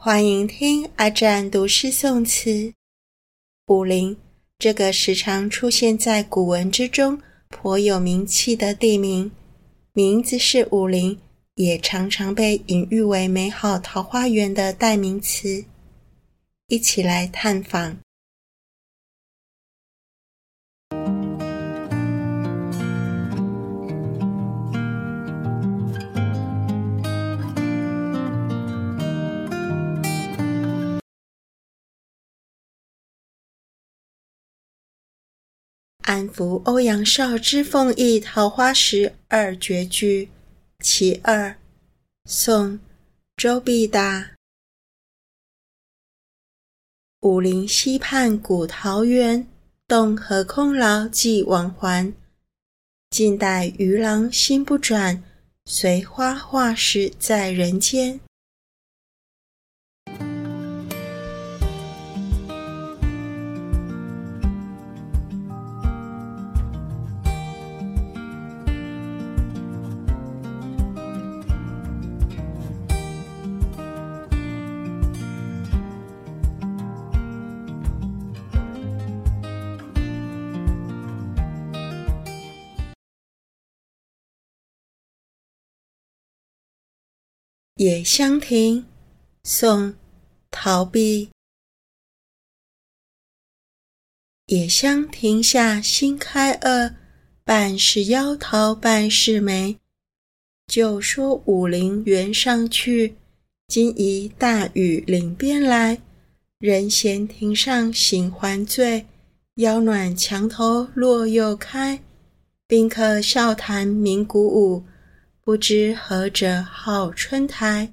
歡迎聽阿占讀詩誦詞。武陵，這個時常出現在古文之中、頗有名氣的地名，名字是武陵，也常常被隱喻為美好桃花源的代名詞。一起來探訪。《安福歐陽紹之奉議桃花石二絕句·其二》宋·周必大。武陵溪畔古桃源，洞壑空勞記往還。晉代漁郎心不轉，隨花化石在人間。野香亭，宋，陶弼。野香亭下新開萼，半是夭桃半是梅。舊說武陵源上去，今疑大庾嶺邊來。人閒亭上醒還醉，夭暖牆頭落又開。賓客笑談民鼓舞。不知何者號春台。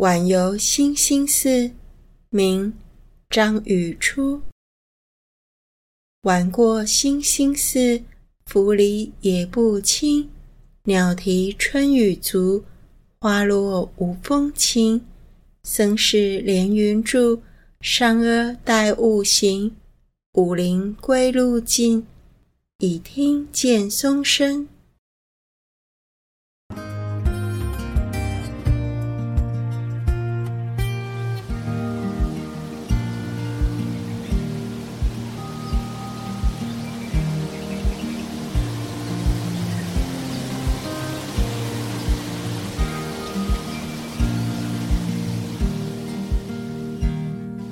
晚遊新興寺，明張宇初。晚過新興寺，扶藜野步輕，鳥啼春雨足，花落午風晴。僧室連雲住，山阿帶霧行。武陵歸路近，已聽澗松聲。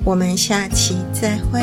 我們下期再會。